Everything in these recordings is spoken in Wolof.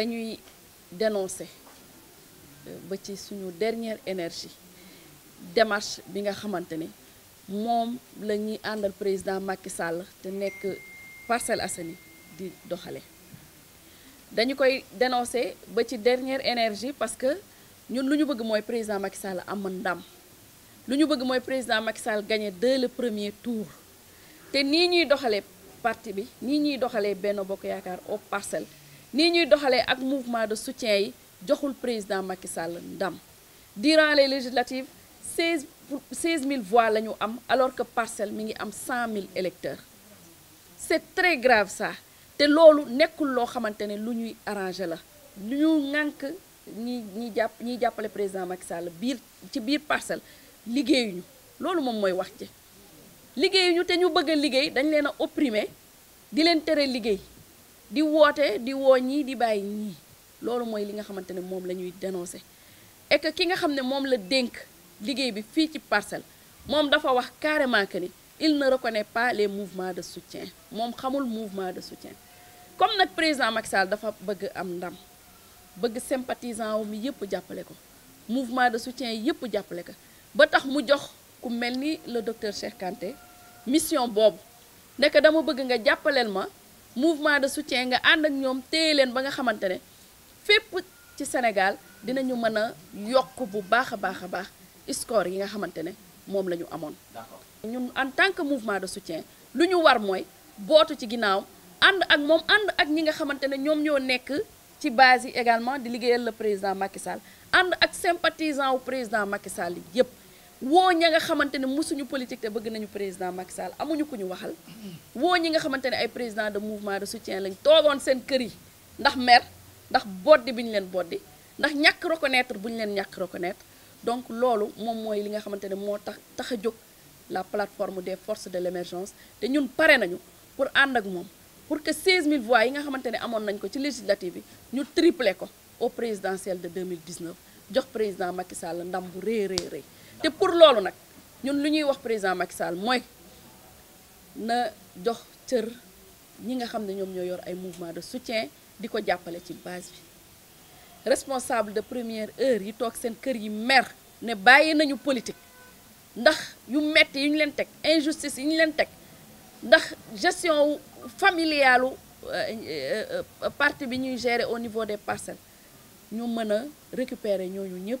dañuy dénoncer euh, ba ci suñu dernière énergie démarche bi nga xamante ne moom la ñuy àndal président Macky Sall te nekk parcelle Assainies di doxale dañu koy dénoncer ba ci dernière énergie parce que ñun lu ñu bëgg mooy président Macky Sall am ndam lu ñu bëgg mooy président Macky Sall gagné dès le premier tour te nii ñuy doxalee parti bi nii ñuy doxalee benn Bokk Yaakaar au parcelle nous ñuy doxalee ak mouvement de soutien yi joxul président Macky Sall ndam durant les législatives 16 000 voix lañu am alors que parcelle mi ngi am 100 000 électeurs c'est très grave ça te loolu nekkul loo xamante ne lu ñuy arrangé la ñu ŋànk ñi ñi jàpp ñiy jàppale président Macky Sall biir ci biir parcelle liggéeyuñu loolu moom mooy wax ci liggéeyuñu te ñu bëgg a liggéey dañ leen a opprimer di leen tere liggéey di woote di woo ñii di bàyyi ñii loolu mooy li nga xamantene mom lañuy la dénoncer et que ki nga xam mom la dénk liggéey bi fi ci parcel mom dafa wax carrément que ni il ne reconnaît pas les mouvements de soutien mom xamul mouvement de soutien comme nak président Macky Sall dafa bëgg am ndam bëgg sympathisant wu mi yépp jappalé ko mouvement de soutien yépp jappalé ko ba tax mu jox ku melni le docteur Cheikh Kanté mission boobu nekk dama bëgg nga jàppaleel ma. mouvement de soutien nga ànd ak ñoom téye leen ba nga xamante ne fépp ci Sénégal dinañu mën a yokk bu baax a baax a baax score yi nga xamante ne moom la ñu amoon. ñun en tant que mouvement de soutien lu ñu war mooy bootu ci ginnaaw ànd ak moom ànd ak ñi nga xamante ne ñoom ñoo nekk ci base yi également di liggéeyal le président Macky ànd ak sympathisant wu président Macky Sall yépp woo ña nga xamante ne mosuñu politique te bëgg nañu président Macky Sall amuñu ku ñu waxal woo ñi nga xamante ne ay président de mouvement de soutien lañ toogoon seen kër yi ndax mer ndax boddi bi ñu leen boddi ndax ñàkk reconnaître bu ñu leen ñàkk reconnaître donc loolu moom mooy li nga xamante ne moo tax tax a jóg la plateforme de forces de l'émergence te ñun pare nañu pour ànd ak moom pour que mille voix yi nga xamante ne amoon nañ ko ci législative bi ñu triplé ko au présidentiel de 2019 jox président Macky Sall ndam bu rëy rëy rëy Et pour loolu nak, ñun lu ñuy wax président Macky Sall mooy na jox cër ñi nga xam ne ñoom yor ay mouvement de soutien diko jappalé ci base bi responsable de première heure yi tok seen kër yi mer né bayé nañu politique ndax yu metti yuñ ñu leen teg injustice yuñ ñu leen teg ndax gestion familiale euh, euh, euh, parti bi ñuy gérer au niveau des parcelles ñu mëna récupérer ñooñu ñëpp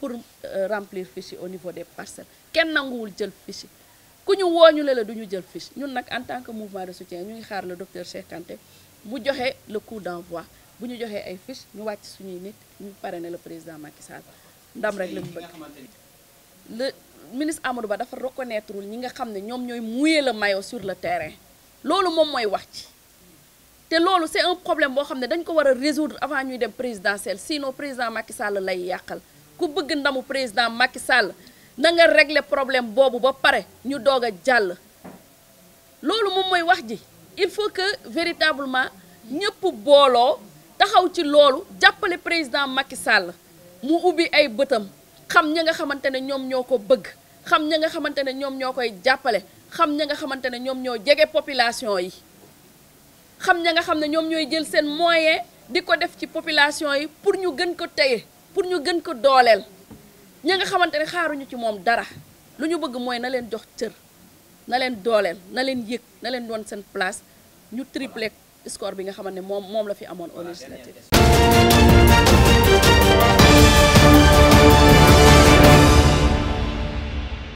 pour euh, remplir fiche yi au niveau des parcelles kenn nanguwul jël fiche ku ñu woo ñu le la du ñu jël fiche ñun nag en tant que mouvement de soutien ñu ngi xaar le docteur Cheikh Kanté joxe le coup d'envoi bu ñu joxe ay fiche ñu wàcc suñuy nit ñu ne le président Macky Sall ndam rek la ñu bëgg le ministre Amadou Ba dafa reconnaître ñi nga xam ne ñoom ñooy mouiller le maillot sur le terrain loolu moom mooy wax ci te loolu c'est un problème boo xam ne dañ ko war a résoudre avant ñuy dem présidentielle sinon président Macky lay yàqal ku bëgg ndamu président Macky Sall nanga nga problème boobu ba pare ñu doog a jàll loolu moom mooy wax ji il faut que véritablement ñëpp booloo taxaw ci loolu jàppale président Macky sàll mu ubbi ay bëtam xam ña nga xamante ne ñoom ñoo ko bëgg xam ña nga xamante ne ñoom ñoo koy jàppale xam ña nga xamante ne ñoom ñoo jege population yi xam ña nga xam ne ñoom ñooy jël seen moyen di ko def ci population yi pour ñu gën ko téye pour ñu gën ko dooleel ña nga xamante ne xaaruñu ci moom dara lu ñu bëgg mooy na leen jox cër na leen dooleel na leen yëg na leen doon seen place ñu triplé score bi nga xamante ne moom moom la fi amoon au législatif